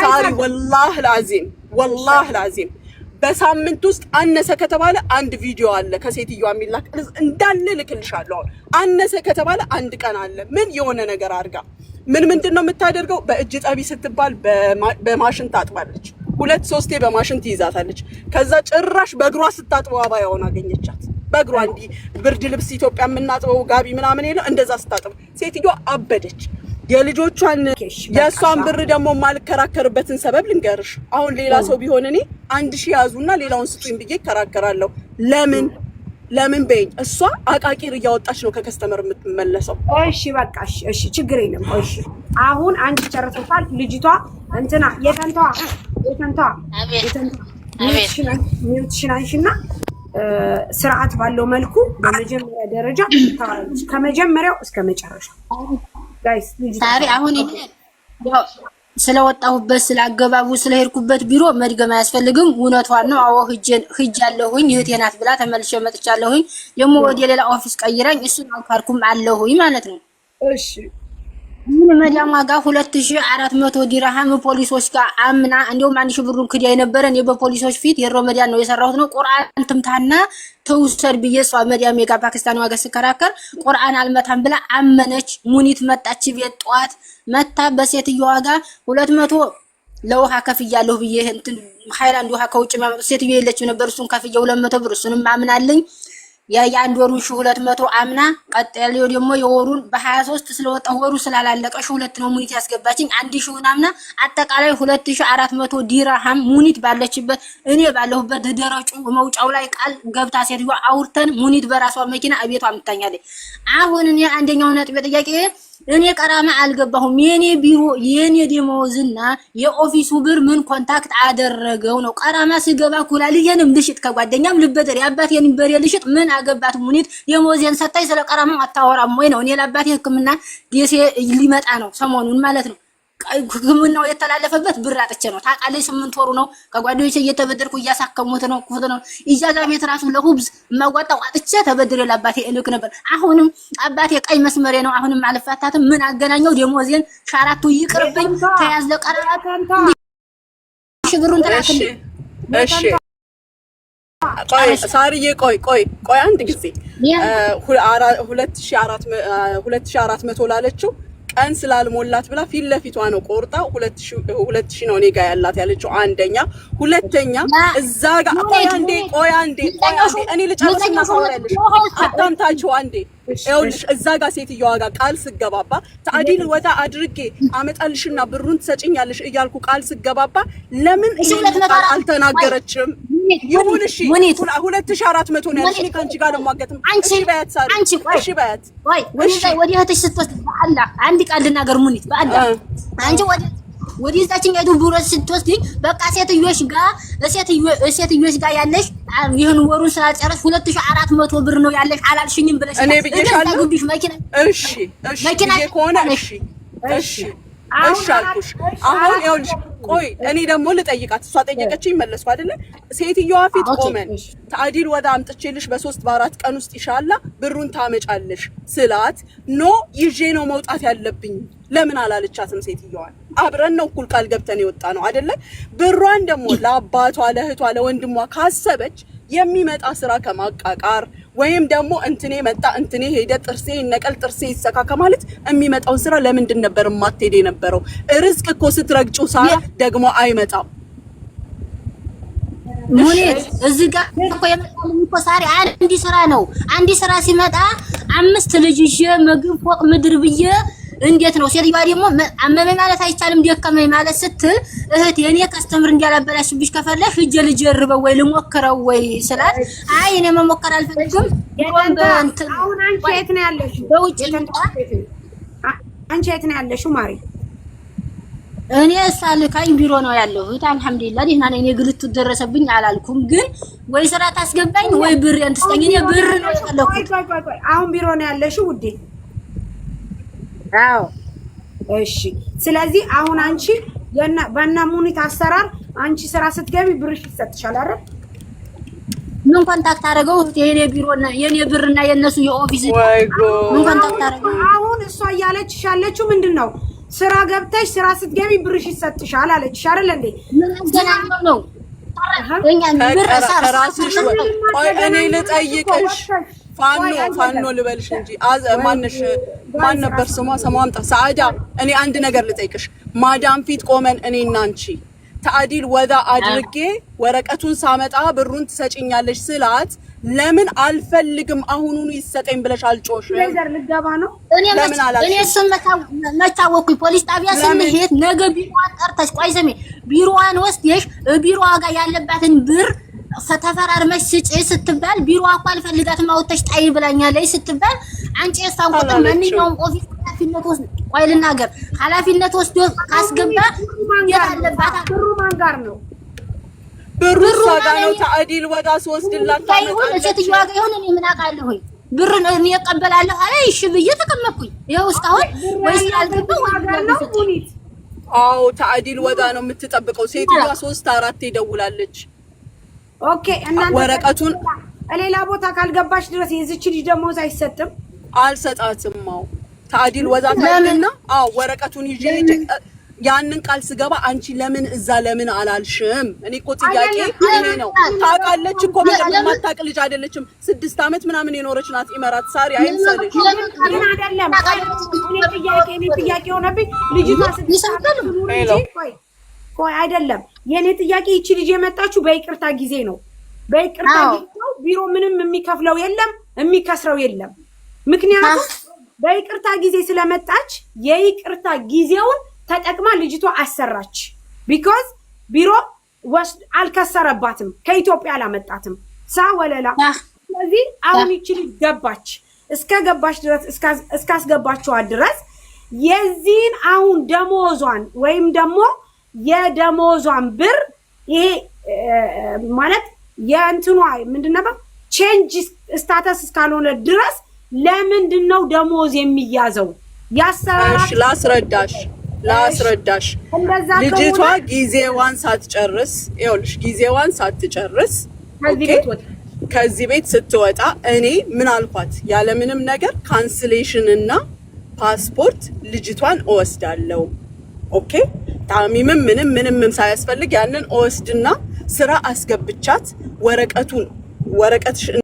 ሳሪ ወላህ ላዚም ወላህ ላዚም በሳምንት ውስጥ አነሰ ከተባለ አንድ ቪዲዮ አለ ከሴትዮዋ የሚላክ እንዳለ ልክልሻለሁ። አነሰ ከተባለ አንድ ቀን አለ ምን የሆነ ነገር አድርጋ ምን ምንድን ነው የምታደርገው? በእጅ ጠቢ ስትባል በማሽን ታጥባለች። ሁለት ሶስቴ በማሽን ትይዛታለች። ከዛ ጭራሽ በእግሯ ስታጥበው አባያውን አገኘቻት። በእግሯ እንዲህ ብርድ ልብስ ኢትዮጵያ የምናጥበው ጋቢ ምናምን የለ እንደዛ ስታጥበው ሴትዮዋ አበደች። የልጆቿን የእሷን ብር ደግሞ የማልከራከርበትን ሰበብ ልንገርሽ። አሁን ሌላ ሰው ቢሆን እኔ አንድ ሺህ ያዙና ሌላውን ስጡኝ ብዬ ይከራከራለሁ። ለምን ለምን በይኝ። እሷ አቃቂር እያወጣች ነው ከከስተመር የምትመለሰው። እሺ በቃ እሺ፣ ችግር የለም። እሺ፣ አሁን አንድ ጨርሶታል። ልጅቷ እንትና የተንተዋ የተንተዋ ሚዩትሽን ስርዓት ባለው መልኩ በመጀመሪያ ደረጃ ከመጀመሪያው እስከ መጨረሻ ታሪ አሁን ስለወጣሁበት ስለአገባቡ ስለሄድኩበት ቢሮ መድገም አያስፈልግም። እውነቷን ነው። አዎ ህጅ እህቴ ናት ብላ ተመልሼ መጥቻለሁኝ። ደግሞ ወደ ሌላ ኦፊስ ቀይረኝ እሱን አለሁኝ ማለት ነው። እሺ ምን መዳም ዋጋ ሁለት ሺህ አራት መቶ ዲርሃም ፖሊሶች ጋር አምና እንዲሁም አንድ ሺህ ብሩን ክዳ የነበረ እኔ በፖሊሶች ፊት የሮ የሮመዳን ነው የሰራሁት ነው ቁርአን ትምታና ተውሰድ ብዬ እሷ መዳም የጋ ፓኪስታን ዋጋ ስከራከር ቁርአን አልመታም ብላ አመነች። ሙኒት መጣች ቤት ጠዋት መታ በሴትዮ ዋጋ ሁለት መቶ ለውሃ ከፍያለሁ ብዬ እንትን ሀይላንድ ውሃ ከውጭ ማመጡ ሴትዮ የለችም ነበር። እሱን ከፍያ ሁለት መቶ ብር እሱንም አምናለኝ የአንድ ወሩን ሺህ ሁለት መቶ አምና ያለው ደግሞ የወሩን በሀያ ሶስት ስለወጣ ወሩ ስላላለቀ ሺህ ሁለት ነው ሙኒት ያስገባችኝ። አንድ ሺሁን አምና አጠቃላይ ሁለት ሺህ አራት መቶ ዲራሃም ሙኒት ባለችበት እኔ ባለሁበት ደረጩ መውጫው ላይ ቃል ገብታ ሴትዮዋ አውርተን ሙኒት በራሷ መኪና እቤቷ አምታኛለች። አሁን እኔ አንደኛው ነጥብ ጥያቄ እኔ ቀራማ አልገባሁም። የኔ ቢሮ የኔ ደሞዝና የኦፊሱ ብር ምን ኮንታክት አደረገው ነው? ቀራማ ስገባ ኩላሊየንም ልሽጥ ከጓደኛም ልበደር የአባቴን በሬ ልሽጥ ምን አገባት ሙኒት? ደሞዜን ሰጣይ ስለ ቀራማ አታወራም ወይ ነው? እኔ ለአባቴ ሕክምና ዴሴ ሊመጣ ነው ሰሞኑን ማለት ነው። ህክምናው የተላለፈበት ብር አጥቼ ነው። ታውቃለች። ስምንት ወሩ ነው። ከጓደኞቼ እየተበደርኩ እያሳከሙት ነው ኩት ነው ኢጃዛ ቤት ራሱ ለሁብዝ የማዋጣው አጥቼ ተበድሬ ለአባቴ እልክ ነበር። አሁንም አባቴ ቀይ መስመሬ ነው። አሁንም አልፋታትም። ምን አገናኘው? ደሞዜን ሻራቱ ይቅርብኝ። ተያዝ ለቀረራት ሽብሩን ተላክል። እሺ ቆይ ሳርዬ፣ ቆይ ቆይ ቆይ አንድ ጊዜ ሁለት ሺ አራት መቶ ላለችው ቀን ስላልሞላት ብላ ፊት ለፊቷ ነው ቆርጣ ሁለት ሺህ ነው እኔ ጋ ያላት ያለችው። አንደኛ ሁለተኛ፣ እዛ ጋ ቆያ እንዴ ቆያ አንዴ ቆያ እኔ ልጨርስና ሳወራለሽ፣ አዳምታችሁ አንዴ ይኸውልሽ እዛ ጋር ሴትዮዋ ጋር ቃል ስገባባ ታዲል ወታ አድርጌ አመጣልሽና ብሩን ትሰጭኛለሽ እያልኩ ቃል ስገባባ ለምን ይሄን ቃል አልተናገረችም? ይሁን እሺ፣ ሁለት ሺህ አራት መኪና እሺ፣ እሺ፣ አሁን ይኸውልሽ ቆይ እኔ ደግሞ ልጠይቃት። እሷ ጠየቀችኝ መለስኩ አይደለ? ሴትዮዋ ፊት ቆመን ታዲል ወደ አምጥቼልሽ በሶስት በአራት ቀን ውስጥ ይሻላ ብሩን ታመጫለሽ ስላት ኖ ይዤ ነው መውጣት ያለብኝ ለምን አላለቻትም? ሴትዮዋን አብረን ነው እኩል ቃል ገብተን የወጣ ነው አይደለ? ብሯን ደግሞ ለአባቷ ለእህቷ ለወንድሟ ካሰበች የሚመጣ ስራ ከማቃቃር ወይም ደግሞ እንትኔ መጣ እንትኔ ሄደ ጥርሴ ይነቀል ጥርሴ ይሰካ ከማለት የሚመጣውን ስራ ለምንድን ነበር የማትሄድ የነበረው? ርዝቅ እኮ ስትረግጩ ሳ ደግሞ አይመጣም። ሙኒት እዚህ ጋር አንድ ስራ ነው። አንድ ስራ ሲመጣ አምስት ልጅ ይዤ ምግብ ፎቅ ምድር ብዬ እንዴት ነው? ሴትዮዋ ደግሞ አመመ ማለት አይቻልም ደከመኝ ማለት ስትል እህት የኔ ከስተምር እንዲያላበላሽብሽ ከፈለሽ ሂጅ ልጅ እርበው ወይ ልሞክረው ወይ ስላት አይ እኔ መሞከር አልፈልግም። አሁን አንቺ የት ነው ያለሽው? በውጭ ነው ያለሽው ማሪ? እኔ ሳልካኝ ቢሮ ነው ያለሁት። አልሐምዱሊላህ ደህና ነኝ። እኔ ግልቱ ደረሰብኝ አላልኩም፣ ግን ወይ ስራ ታስገባኝ ወይ ብር እንትስጠኝ። እኔ ብር ነው ያለኩት። አሁን ቢሮ ነው ያለሽው ውዴ አዎ፣ እሺ። ስለዚህ አሁን አንቺ በእናሙኒት አሰራር አንቺ ስራ ስትገቢ ብርሽ ይሰጥሻል አይደል? ምን ኮንታክት አደረገው? የኔ ቢሮ እና የኔ ብር እና የነሱ የኦፊስ ምን ኮንታክት አደረገው? አሁን እሷ እያለችሽ ያለችው ምንድን ነው? ስራ ገብተሽ ስራ ስትገቢ ብርሽ ይሰጥሻል አለችሽ አይደል? እንዴ ነው? እኛ ብር ሳራ ሳራ እኔ ልጠይቅሽ ፋኖ ፋኖ ልበልሽ እንጂ ማነሽ ማን ነበር ስሟ? ሰማምጣ ሰዓዳ። እኔ አንድ ነገር ልጠይቅሽ። ማዳም ፊት ቆመን እኔ እናንቺ ተአዲል ወዳ አድርጌ ወረቀቱን ሳመጣ ብሩን ትሰጭኛለሽ ስላት ለምን አልፈልግም አሁኑኑ ይሰጠኝ ብለሽ አልጮሽ? ልገባ ነው እኔ እሱን መታወቅኩኝ። ፖሊስ ጣቢያ ስንሄድ ነገ ቢሮዋን ጠርተሽ ቆይ ስሜ ቢሮዋን ወስደሽ ቢሮዋ ጋር ያለባትን ብር ተፈራርመሽ ስጪ ስትባል ቢሮ እኮ አልፈልጋትም አውጥተሽ ጣይ ብላኛለች ስትባል አንቺ የእሷን ቁጥር ማንኛውም ኦፊስ ኃላፊነት ወስዶ ቆይ ልናገር፣ ኃላፊነት ወስዶ ካስገባ ብሩ ማን ጋር ነው? ብሩ እሷ ጋር ወዳ ስወስድላት ታመጣለች። እሺ ጋር ይሁን፣ እኔ ምን አውቃለሁ ብሩን እኔ እቀበላለሁ አለ። እሺ ብዬ ተቀመጥኩኝ። ይኸው እስካሁን ወይስ አልገባው ወይ? አዎ ታዲል ወዳ ነው የምትጠብቀው ሴትዮዋ። ሶስት አራት ይደውላለች ኦኬ እናንተ ወረቀቱን ሌላ ቦታ ካልገባሽ ድረስ የዚች ልጅ ደሞዝ አይሰጥም። አልሰጣትም። አዎ ታዲል ወዛታልና አዎ ወረቀቱን ይዤ ያንን ቃል ስገባ አንቺ ለምን እዛ ለምን አላልሽም? እኔ እኮ ጥያቄ እኔ ነው። ታውቃለች እኮ የማታውቅ ልጅ አይደለችም። ስድስት ዓመት ምናምን የኖረች ናት። ኢመራት ሳሪ አይምሰልሽ። ጥያቄ ጥያቄ ሆነብኝ ልጅቷ ስድስት ቆይ አይደለም የእኔ ጥያቄ ይቺ ልጅ የመጣችው በይቅርታ ጊዜ ነው። በይቅርታ ጊዜ ቢሮ ምንም የሚከፍለው የለም የሚከስረው የለም። ምክንያቱም በይቅርታ ጊዜ ስለመጣች የይቅርታ ጊዜውን ተጠቅማ ልጅቷ አሰራች። ቢኮዝ ቢሮ አልከሰረባትም፣ ከኢትዮጵያ አላመጣትም። ሳ ወለላ ስለዚህ አሁን ይቺ ልጅ ገባች። እስከ ገባች ድረስ እስካስገባችኋት ድረስ የዚህን አሁን ደሞዟን ወይም ደግሞ የደሞዟን ብር ይሄ ማለት የእንትኗ ምንድን ነበር ቼንጅ ስታተስ እስካልሆነ ድረስ ለምንድን ነው ደሞዝ የሚያዘው? ያሰራሽ ላስረዳሽ ላስረዳሽ ልጅቷ ጊዜዋን ሳትጨርስ ይኸውልሽ፣ ጊዜዋን ሳትጨርስ ከዚህ ቤት ስትወጣ እኔ ምን አልኳት? ያለምንም ነገር ካንስሌሽን እና ፓስፖርት ልጅቷን እወስዳለሁ። ኦኬ ጣሚምም ምንም ምንምም ሳያስፈልግ ያንን ኦስድና ስራ አስገብቻት ወረቀቱን ወረቀት